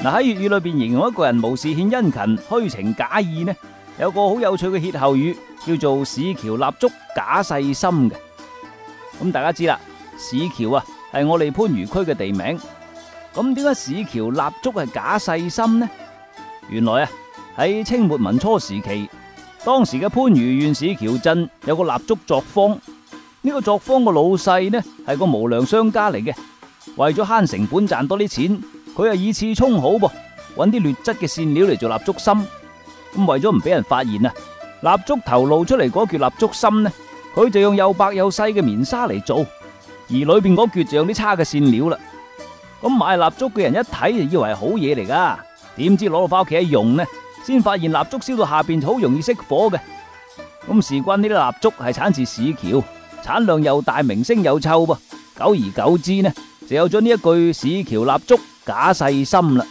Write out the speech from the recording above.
嗱，喺粵語裏邊形容一個人無事獻殷勤、虛情假意呢，有個好有趣嘅歇後語，叫做市橋蠟燭假細心嘅。咁大家知啦，市橋啊係我哋番禺區嘅地名。咁點解市橋蠟燭係假細心呢？原來啊喺清末民初時期，當時嘅番禺縣市橋鎮有個蠟燭作坊，呢個作坊個老細呢係個無良商家嚟嘅，為咗慳成本賺多啲錢。佢又以次充好噃，揾啲劣質嘅線料嚟做蠟燭芯。咁為咗唔俾人發現啊，蠟燭頭露出嚟嗰橛蠟燭芯呢，佢就用又白又細嘅棉紗嚟做，而裏邊嗰橛就用啲差嘅線料啦。咁買蠟燭嘅人一睇就以為係好嘢嚟噶，點知攞到返屋企一用呢，先發現蠟燭燒到下邊好容易熄火嘅。咁事關呢啲蠟燭係產自市橋，產量又大，名聲又臭噃，久而久之呢？就有咗呢一句市橋蠟燭假細心啦。